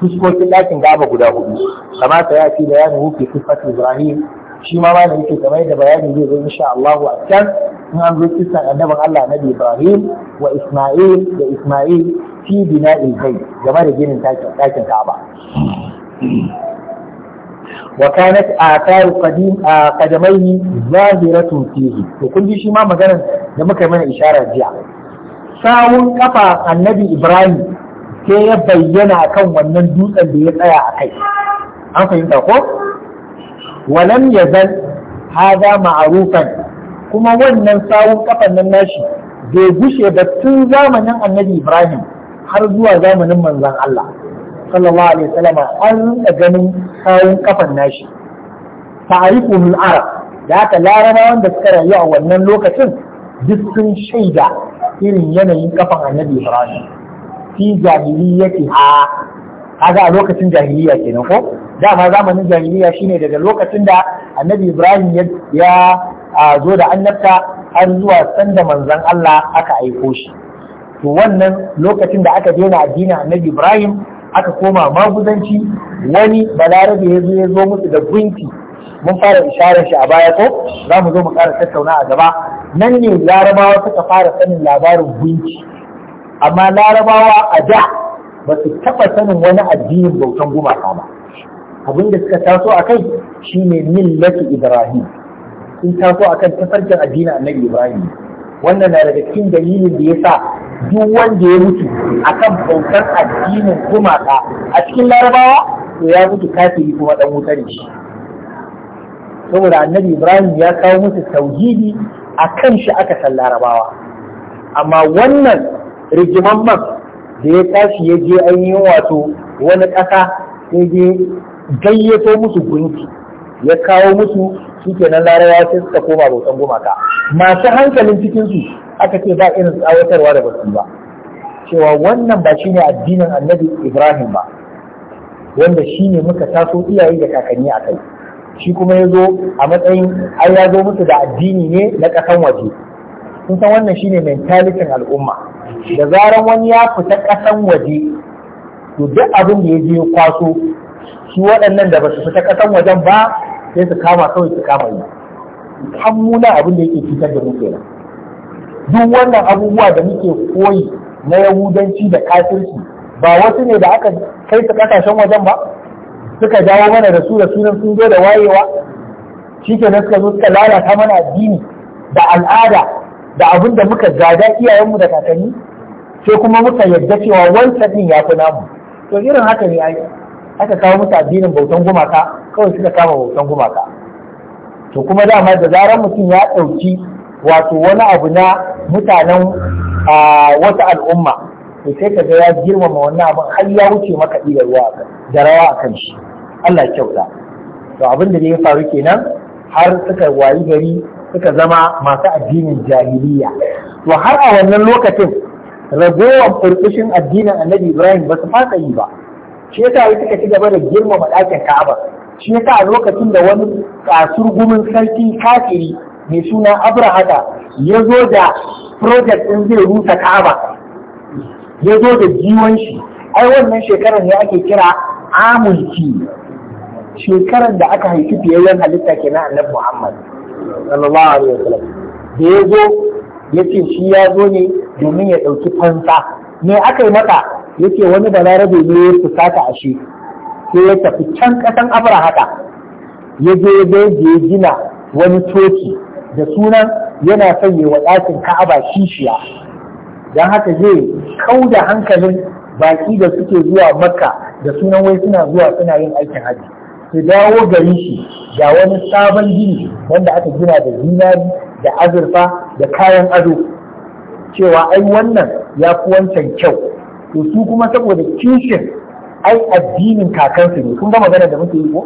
fuskokin ɗakin Ka'aba guda hudu kamata ya ce da ya nufi sifatu Ibrahim shi ma malam yake game da bayani zai zo insha Allah a can in an zo kisan annabin Allah Nabi Ibrahim wa Isma'il da Isma'il fi bina'il bayt game da ginin ɗakin Ka'aba وكانت آثار قديم قدميه ظاهرة kun وكل shi ma مثلا da muka mana isharar jiya sawun kafa annabi Ibrahim sai ya bayyana kan wannan dutsen da ya tsaya a kai an fahimta ko walam yazal hada ma'arufan kuma wannan sawun kafan nan nashi bai bushe ba zamanin annabi Ibrahim har zuwa zamanin manzon Allah sallallahu alaihi wasallam an rinka ganin sawun kafan nashi ta'rifuhu al-arab da haka larabawan da suka rayu a wannan lokacin duk sun shaida irin yanayin kafan annabi Ibrahim fi jahiliyyati ha kaga a lokacin jahiliya kenan ko dama zamanin jahiliya shine daga lokacin da annabi ibrahim ya zo da annabta har zuwa sanda manzon allah aka aiko shi to wannan lokacin da aka daina addinin annabi ibrahim aka koma maguzanci wani balarabe ya zo ya zo musu da gunki mun fara isharar shi a baya ko za mu zo mu ƙara tattauna a gaba nan ne larabawa suka fara sanin labarin gunki amma larabawa a da ba su taɓa sanin wani addinin bautan gumaka ba abin da suka taso a kai shine millatu ibrahim sun taso akan tafarkin addinin annabi ibrahim wannan na daga cikin dalilin da ya sa duk wanda ya mutu akan bautar addinin gumaka a cikin larabawa to ya mutu kafiri kuma dan wuta ne shi saboda annabi ibrahim ya kawo musu tauhidi a kan shi aka san larabawa amma wannan man. da ya tashi ya je ainihin wato wani ƙasa sai je gayyato musu gunki ya kawo musu nan larabawa sai suka koma bautan gumaka masu hankalin cikinsu? aka ce ba irin tsawatarwa da basu ba cewa wannan ba shine addinin annabi Ibrahim ba wanda shine muka taso iyaye da kakanni a kai shi kuma ya zo a matsayin an ya zo musu da addini ne na ƙasan waje kun san wannan shine mentalitin al'umma da zaran wani ya fita ƙasan waje to duk abin da ya je kwaso su waɗannan da ba su fita ƙasan wajen ba sai su kama kawai su kama yi hammuna abin da yake fitar da muke nan. duk wannan abubuwa da muke koyi na yahudanci da kafirci ba wasu ne da aka kai su ƙasashen wajen ba suka jawo mana da su da sunan sun zo da wayewa shi ke suka zo suka lalata mana addini da al'ada da abin da muka gada iyayenmu da kakanni sai kuma muka yadda cewa wancan din ya fi namu to irin haka ne ai aka kawo musu addinin bautan gumaka kawai suka kama bautan gumaka to kuma dama da zarar mutum ya ɗauki wato wani abu na mutanen wata al'umma to sai ka ga ya girmama wannan abin har ya wuce maka ɗiga ruwa da rawa a kan shi Allah kyauta to abin da ya faru kenan har suka wayi gari suka zama masu addinin jahiliya to har a wannan lokacin ragowar furfushin addinin annabi ibrahim ba su fasa yi ba shi yasa yi suka ci gaba da girmama ɗakin ka'aba shi yasa a lokacin da wani kasur gumin sarki kafiri mai suna abrahada ya zo da project ɗin zai rusa ka'aba ya zo da jiwon shi ai wannan shekarar ne ake kira amulki shekarar da aka haifi fiyayyen halitta kenan annabi muhammad sallallahu alaihi wasallam da ya zo ya ce shi ya zo ne domin ya ɗauki fansa me aka yi mata ya ce wani balarabe ne ya fusata a shi sai ya tafi can ƙasan haka ya je ya ya gina wani coci da sunan yana sanya wa ɗakin ka'aba kishiya don haka zai kau da hankalin baƙi da suke zuwa makka da sunan wai suna zuwa suna yin aikin hajji su dawo gari shi ga wani sabon gini wanda aka gina da zinari da azurfa da kayan ado cewa ai wannan ya fi wancan kyau to su kuma saboda kishin ai addinin kakansu ne kun ga magana da muke yi ko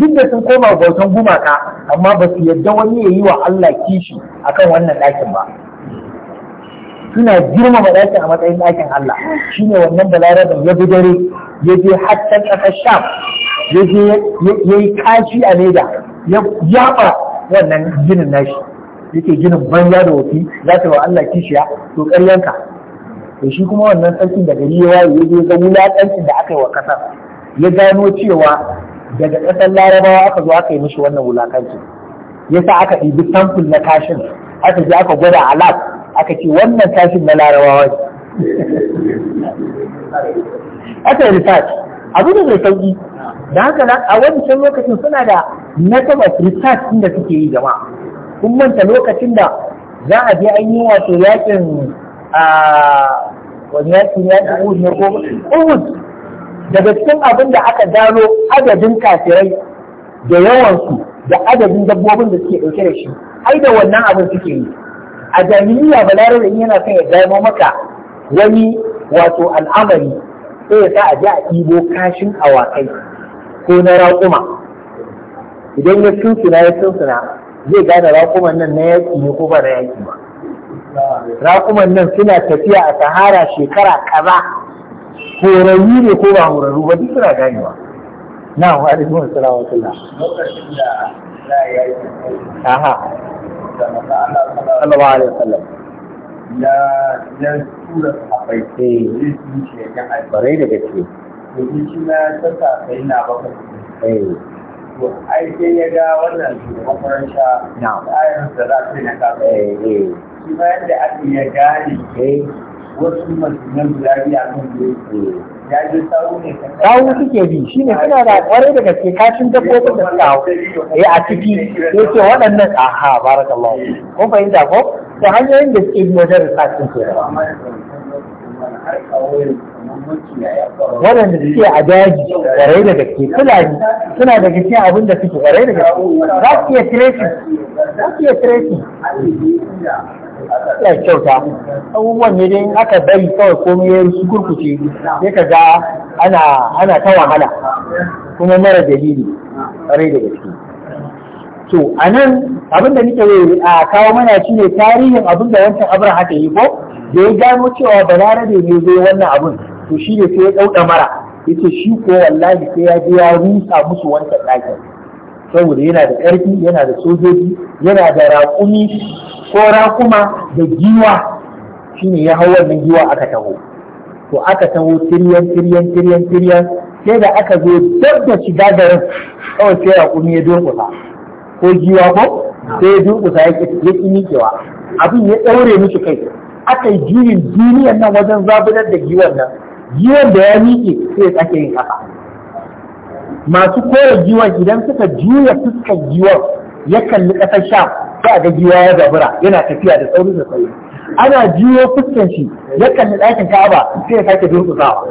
duk da sun koma bautan gumaka amma ba su yadda wani ya yi wa Allah kishi akan wannan ɗakin ba suna girmama ɗakin a matsayin ɗakin Allah shine wannan balarabin ya bi dare ya je har can ƙasar Sham ya je ya yi kashi a leda ya yaba wannan ginin nashi yake ginin banza da wofi za ta wa Allah kishiya to ƙaryanka to shi kuma wannan sarkin da gari ya waye ya je ga wulaƙancin da aka yi wa ƙasar ya gano cewa daga ƙasar larabawa aka zo aka yi mishi wannan wulaƙancin ya sa aka ɗibi sampul na kashin aka je aka gwada a lab aka ce wannan kashin na larabawa ne aka yi research abu da zai sauki da haka a wancan lokacin suna da nasabar research din da suke yi gama, kun manta lokacin da za a je an yi wato yakin a wani yakin yakin uhud ne ko uhud daga cikin abin da aka gano adadin kafirai da yawansu da adadin dabbobin da suke ɗauke da shi ai da wannan abin suke yi a jami'a balarabe yana kan ya gano maka wani wato al'amari sai ya sa a ji a ɗibo kashin awakai ko na raƙuma idan ya tuntuna ya tuntuna zai gane raƙuman nan na yaƙi ne ko ba na yaƙi ba raƙuman nan suna tafiya a sahara shekara kaza horarru ne ko ba horarru ba duk suna ganewa na wa alaikum assalam wa sallam lokacin da za a yi aha sallallahu alaihi wasallam ya tura sahabbai zai sun shi ya albarai da gaske shi na sai na baka eh. to ai sai ya ga wannan shugaban faransa da ayar za yi na kasa eh, eh. shi ma yadda ake ya gane wasu musulman guda biya kan ya je sawu ne sawu suke bi shi ne suna da kwarai da gaske kashin dabbobin da suka hau eh a ciki ya ce waɗannan aha barakallahu ko fahimta ko to hanyoyin da suke bi wajen research din ke waɗanda suke a daji kwarai da gaske fulani suna da gaske abin da suke kwarai da gaske za su iya tracing za su iya tracing ya kyauta abubuwan ne dai aka bari kawai komai ya su kurkuce ne ka ga ana ana ta wahala kuma mara dalili rai da gaske to a nan abin da nake a kawo mana shi ne tarihin abin da wancan abin haka yi ko da ya gano cewa balarabe ne zai wannan abin to shi ne sai ya ɗauɗa mara ce shi ko wallahi sai ya biya ya rusa musu wancan ɗakin saboda yana da ƙarfi yana da sojoji yana da raƙumi Tsora kuma da giwa shine ya hau wannan giwa aka taho to aka taho tiryan tiryan tiryan tiryan sai da aka zo dab da shiga garin kawai sai kuma ya durƙusa ko giwa ko sai ya durƙusa ya ƙi miƙewa abin ya ɗaure mishi kai aka yi jirin duniyan nan wajen zaburar da giwan nan giwan da ya miƙe sai ya tsake yin haka masu kore giwan idan suka juya fuskar giwan ya kalli ƙasar sham ka ga giwa ya zabura yana tafiya da tsauri da tsauri ana jiyo fuskan shi ya kalli ɗakin Ka'aba sai ya sake durƙusawa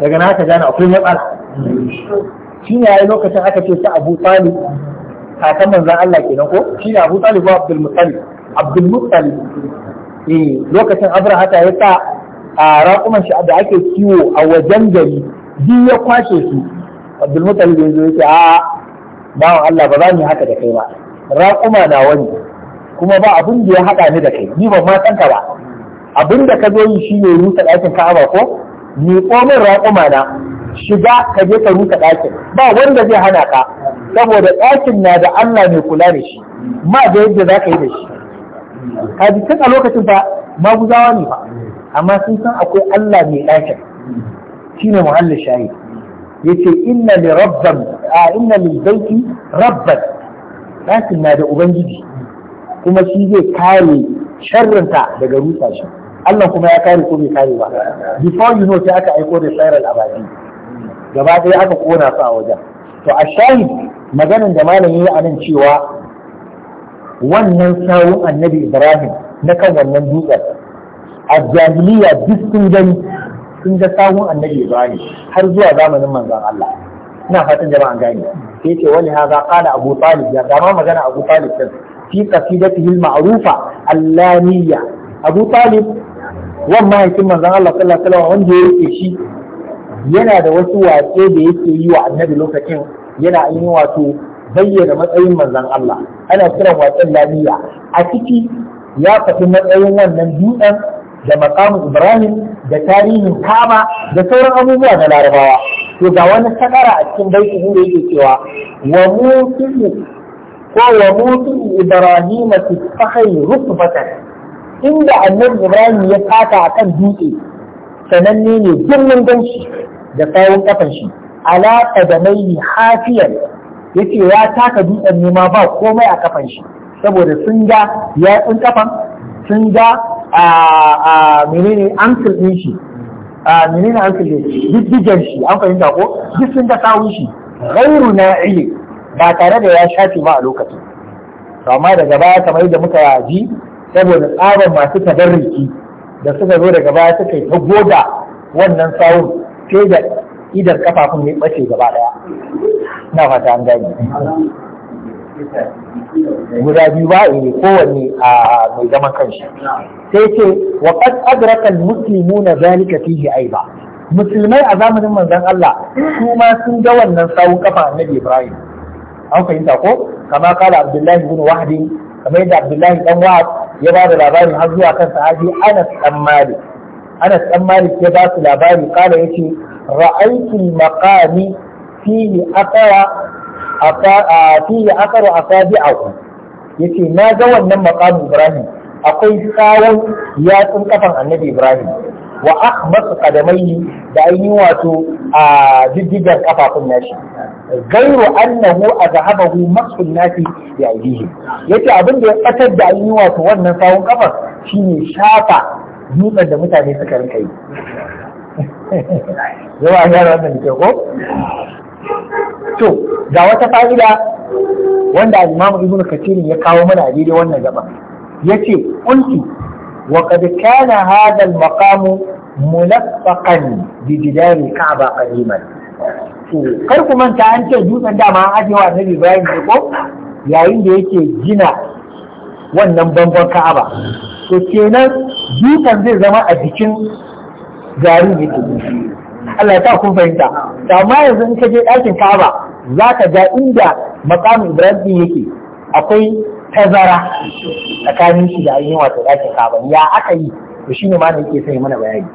daga na haka gane akwai matsala shi ne yayi lokacin aka ce shi Abu Talib kakan manzon Allah kenan ko shi ne Abu Talib ko Abdul Muttalib Abdul Muttalib eh lokacin Abraha ta ya sa a raƙuman shi da ake kiwo a wajen gari duk ya kwashe su Abdul Muttalib ya zo ya a bawan Allah ba za mu yi haka da kai ba raƙuma na wani kuma ba abin da ya haɗa ni da kai ni ban ma san ka ba abin da ka zo yi shi ne rusa ɗakin ka'aba ko ni min raƙuma na shiga ka je ka rusa ɗakin ba wanda zai hana ka saboda ɗakin na da Allah mai kula da shi ma da yadda za ka yi da shi kaji tun a lokacin fa maguzawa ne fa amma sun san akwai Allah mai ɗakin ne muhallin shahid yace inna li rabban a inna lil baiti rabban ɗakin na da ubangiji kuma shi zai kare sharrinta daga rusa shi Allah kuma ya kare ko bai kare ba before you know sai aka aiko da sairal abadi gaba ɗaya aka kona su a wajen to a shahi maganin da malam yi anan cewa wannan sawun annabi Ibrahim na kan wannan dutsen a jahiliya duk sun gani sun ga sawun annabi Ibrahim har zuwa zamanin manzon Allah ina fatan jama'an gani sai ce wani haza qala abu talib ya dama magana abu talib din fi qasidatihi al-ma'rufa allaniya abu talib wannan mahaifin manzon Allah sallallahu alaihi wasallam wanda ya shi yana da wasu waƙe da yake yi wa annabi lokacin yana yin wato bayyana matsayin manzon Allah ana kiran waƙen lamiya a ciki ya faɗi matsayin wannan dutsen da makamu Ibrahim da tarihin kama, da sauran abubuwa na Larabawa to ga wani sakara a cikin baiti inda yake cewa wa mutu ko wa mutu ibrahima fi rukbatan inda annabi ibrahim ya a akan dutse sananne ne girman ganshi da tsawon kafan shi ala qadamaihi hafiyan yace ya taka dutsen ne ma ba komai a kafan shi saboda sun ga yatsun kafan sun ga a menene ankle din shi a menene an kalle diddigen shi an fahimta ko duk sun ga shi gairu na iya ba tare da ya shafe ma a lokaci. to amma daga baya kamar yadda muka yaji saboda tsarin masu tabarriki da suka zo daga baya suka yi ta goga wannan sawun sai da idar kafafun ne bace gaba daya na fata an gani. guda biyu ba ne kowanne a mai zaman kanshi sai ce wa adrakal adraka al-muslimuna zalika fihi aiba musulmai a zamanin manzon Allah su ma sun ga wannan sawun kafa annabi Ibrahim an fahimta ko kama kala Abdullahi ibn Wahdi Kama yadda Abdullahi dan Wahab ya ba da labarin har zuwa kan sahabi Anas dan Malik Anas dan Malik ya ba su labari kala yace ra'aytu maqami fihi aqara fi ya akaru ya ce na ga wannan maqam Ibrahim akwai tsawon yatsun kafan Annabi Ibrahim wa akhbasu qadamaihi da ainihin wato a diddigar kafafun nashi gairu annahu azhabahu masu nafi bi aidihi yace ce abinda ya fatar da ainihin wato wannan sawun kafar shine shafa dutsen da mutane suka rinka yi yawa yara wannan ke ko to ga wata fa'ida wanda imamu ibnu katirin ya kawo mana a daidai wannan gaba yace kunti wa qad kana hadha al maqam mulaffaqan bi jidar ka'ba qadiman to kar ku manta an ce dutsen dama an ajewa annabi Ibrahim ne ko yayin da yake gina wannan bangon Ka'aba to kenan dutsen zai zama a jikin garin yake Allah ya sa kun fahimta to amma yanzu in ka je ɗakin Ka'aba za ka ga inda makamin Ibrahim yake akwai tazara tsakanin shi da ainihin wato ɗakin Ka'aba ya aka yi to shine ma ne yake sai mana bayani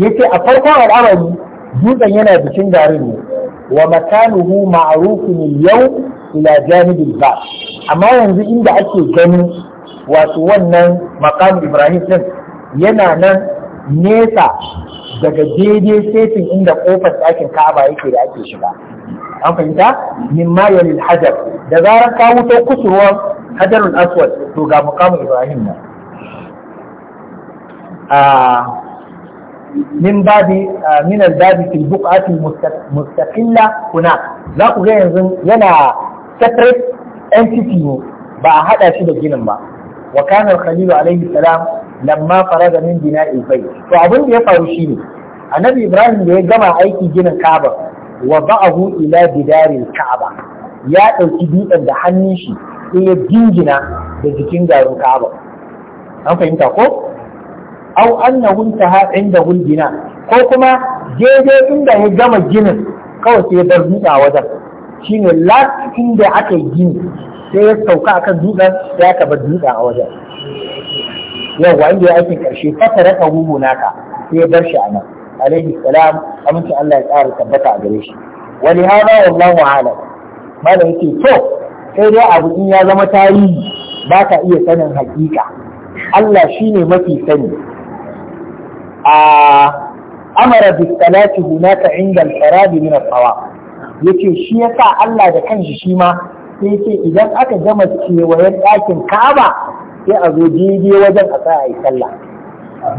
yace a farkon al'amari dutsen yana bikin garin ne wa makanuhu ma'rufun yau ila janibil ba amma yanzu inda ake ganin wato wannan makamin Ibrahim din yana nan nesa daga daidai setin inda kofar ɗakin ka'aba yake da ake shiga an fahimta min mayalil hajar da zarar ka wuto kusurwar hajarul aswad to ga mukamin ibrahim na. Ah, min babi ah, min albabi fil buqati mustaqilla kuna za ku ga yanzu yana separate entity ne ba a hada shi da ginin ba wa kana khalilu Alayhi salam lamma faraga min bina'il bayt to abin da ya faru shine annabi ibrahim da ya gama aiki ginin ka'aba wa ba'ahu ila bidaril ka'aba ya ɗauki dutsen da hannun shi sai ya gingina da jikin garin ka'aba an fahimta ko au annahu intaha indahu bina ko kuma daidai inda ya gama ginin kawai sai ya bar dutsen a wajen shine last inda aka yi gini sai ya sauka akan dutsen sai aka bar dutsen a wajen Yau inda ya aikin karshe fatara ka huhu naka sai ya bar shi a nan alaihi salam aminci Allah ya tsara tabbata a gare shi wani hada wallahu alam malam yake to sai dai abu in ya zama tarihi ba ka iya sanin hakika Allah ne mafi sani a amara bi salati hunaka inda al-faradi min al-sawa yace shi yasa Allah da kanshi shi ma sai yace idan aka gama kewayen ɗakin Ka'aba sai a zo daidai wajen a tsaya yi sallah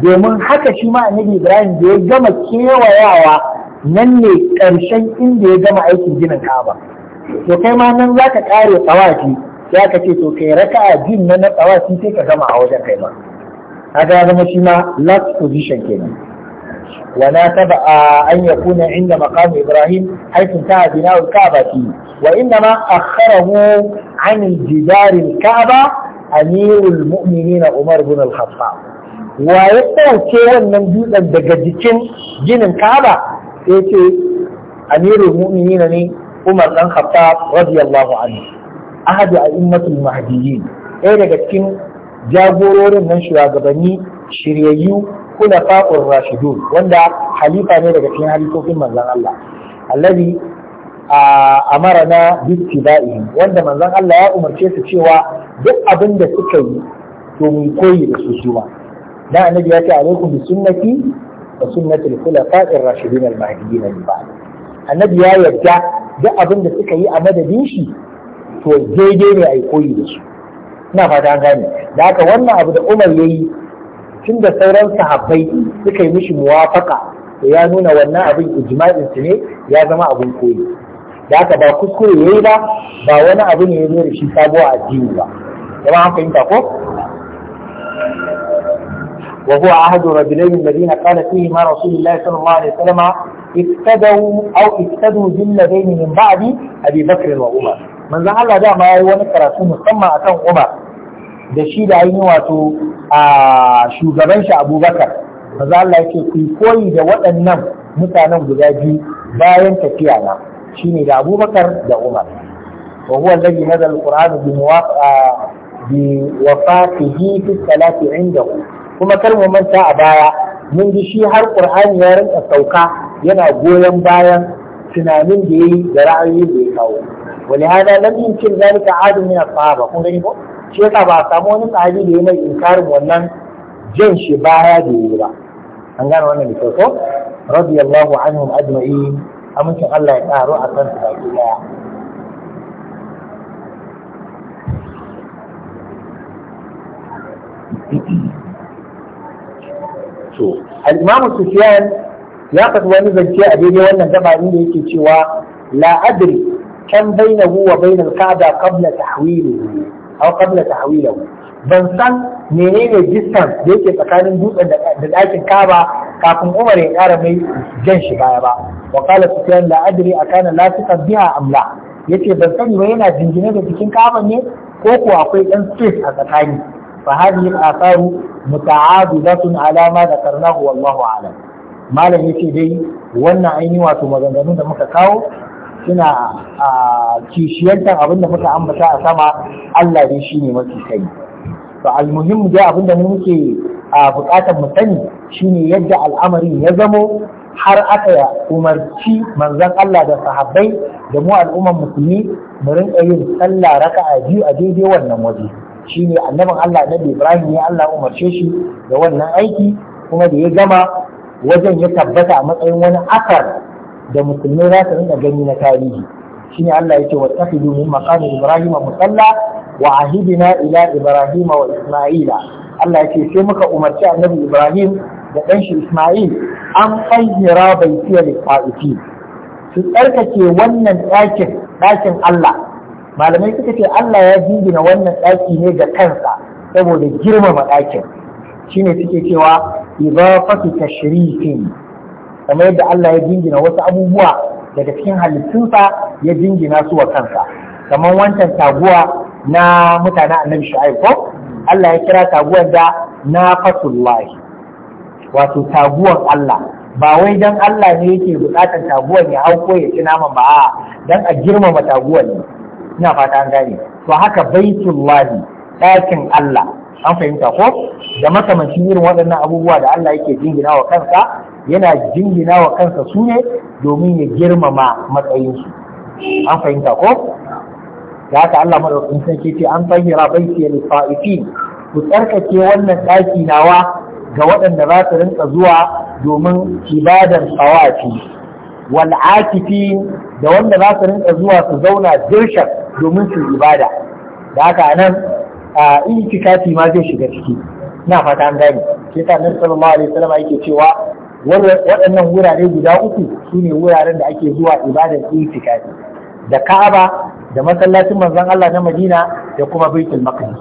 domin haka shi ma annabi ibrahim da ya gama kewayawa nan ne ƙarshen inda ya gama aikin ginin kaba to kai ma nan za ka kare tsawafi ya ka ce to kai raka'a jin na na tsawafi sai ka gama a wajen kai ma haka zama shi ma last position kenan inda تبع Ibrahim ta عند مقام إبراهيم حيث انتهى بناء الكعبة ma وإنما أخره عن الجدار الكعبة amirul mu'minina Umar bin al-Khattab wa ya dauke wannan dutsen daga jikin ginin Kaaba yace ce amirul mu'minina ne Umar dan Khattab radiyallahu anhu ahadu a'immatul mahdiyyin ɗaya daga cikin jagororin nan shugabanni shiryayyu kula fa'ur rashidun wanda halifa ne daga cikin halifofin manzon Allah allazi a mara na marana bittiba'i wanda manzon Allah ya umarce su cewa duk abin da suka yi to mu koyi da su suma dan annabi ya ce alaikum bi sunnati wa sunnati al-khulafa'ir rashidin al-mahdiyyin min ba'd annabi ya yarda duk abin da suka yi a madadin shi to daidai ne ai koyi da su ina fata an gane da haka wannan abu da Umar yayi tun da sauran sahabbai suka yi mishi muwafaka ya nuna wannan abin ijma'in su ne ya zama abin koyi da haka ba kuskure yayi ba ba wani abu ne ya zo da shi sabuwa addini ba kuma haka yin ko وهو عهد رجلين الذين قال فيهما رسول الله صلى الله عليه وسلم افتدوا او افتدوا بالذين من بعد ابي بكر وعمر من ذا الله ده ما yayi wani karatu musamman akan Umar da shi da ainihin wato a shugaban shi Abubakar manzo Allah yake ku koyi da waɗannan mutanen guda biyu bayan tafiya na shine da abubakar da umar wa huwa alladhi nazala alquran bi muwafaqa bi wafaqihi fi salati indahu kuma kar mu manta a baya mun ji shi har ƙur'ani ya rinka sauka yana goyon bayan tunanin da yayi da ra'ayoyin da ya kawo ولهذا لم يمكن ذلك عاد من الصحابة kun gani ko shi yasa ba a samu wani sahabi da ya mai inkarin wannan jan shi baya da yi ba an gane wannan da kyau radiyallahu anhum ajma'in amince Allah ya ƙaru a kan su baki ɗaya to al imam sufyan ya faɗi wani zance a daidai wannan gaba da yake cewa la adri kan bainahu wa bainal kaaba qabla tahwilihi aw qabla tahwilahu ban san menene distance da yake tsakanin dutsen da ɗakin kaba kafin umar ya ƙara mai jan shi baya ba wa kala sufyan la adri akana lasiqan biha amla yace ban sani ba yana jingine da cikin kaba ne ko ko akwai ɗan space a tsakani fa hadhihi al-athar muta'adidatun ala ma dhakarnahu wallahu a'lam malam yace dai wannan ainihi wato maganganun da muka kawo suna a kishiyantar abin da muka ambata a sama Allah dai shine mafi sani to almuhim dai abinda mu muke a bukatar mu sani shine yadda al'amarin ya zamo har aka umarci manzon Allah da sahabbai da mu al'umman musulmi mu rinƙa yin sallah raka'a biyu a daidai wannan waje shine annabin Allah annabi Ibrahim ya Allah umarce shi da wannan aiki kuma da ya gama wajen ya tabbata a matsayin wani akar da musulmai za su rinka gani na tarihi shine Allah yake wattakhidhu min maqami ibrahim musalla wa ahidina ila ibrahim wa isma'ila Allah yake sai muka umarci annabi ibrahim da dan shi isma'il an fayyira baitiya lit su tsarkake wannan ɗakin ɗakin Allah malamai suka ce Allah ya jingina wannan ɗaki ne ga kansa saboda girmama ɗakin shine suke cewa idafatu tashrifin kamar yadda Allah ya jingina wasu abubuwa daga cikin halittunsa ya jingina su wa kansa kamar wancan taguwa na mutanen annabi shu'aib ko Allah ya kira taguwar da nafasullahi wato taguwar Allah ba wai dan Allah ne yake bukatar taguwan ya hau ko ya ci naman ba a dan a girmama taguwar ne ina fata an gane to haka baitullahi ɗakin Allah an fahimta ko da makamancin irin waɗannan abubuwa da Allah yake jingina wa kansa yana jingina wa kansa su ne domin ya girmama matsayinsu an fahimta ko da haka Allah madaukakin sarki ce an fahira baiti lil fa'ifin ku tsarkake wannan daki nawa ga waɗanda za su rinka zuwa domin ibadar tsawafi wal da wanda za su rinka zuwa su zauna dirshan domin su ibada da haka nan a itikafi ma zai shiga ciki na fata an gani. sai ta nan sallallahu alaihi wasallam yake cewa waɗannan wurare guda uku sune wuraren da ake zuwa ibadar itikafi da Ka'aba da masallacin manzon Allah na Madina da kuma Baitul Maqdis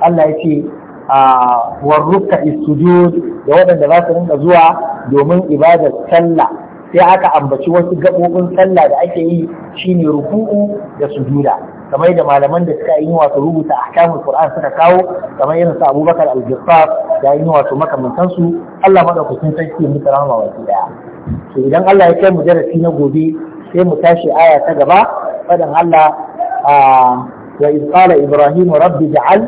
Allah yace a warruka istujud da waɗanda za su rinka zuwa domin ibadar sallah sai aka ambaci wasu gaɓoɓin sallah da ake yi shine ruku'u da sujuda kamar da malaman da suka yi wato rubuta ahkamul qur'an suka kawo kamar yadda su Abubakar al-Jassar da yi wato makamantan su Allah madaukakin sarki ya mutu rahama wa daya to idan Allah ya kai mu darasi na gobe sai mu tashi aya ta gaba fadan Allah wa iz qala ibrahim rabbi ja'al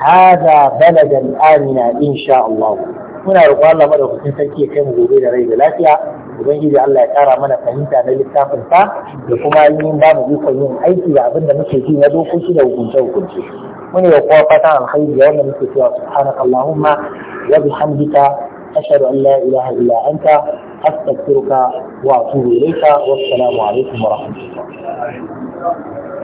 hadha baladan amina sha Allah muna da Allah madaukakin sarki ya kai mu gobe da rai da lafiya ubangiji Allah ya ƙara mana fahimta na littafin sa da kuma yin ba mu ikon yin aiki da abin da muke ji na dokoki da hukunce hukunce mun yi kowa fatan alkhairi da wannan muke cewa subhanaka allahumma wa bihamdika ashhadu an la ilaha illa anta astaghfiruka wa atubu ilayka alaikum wa rahmatullah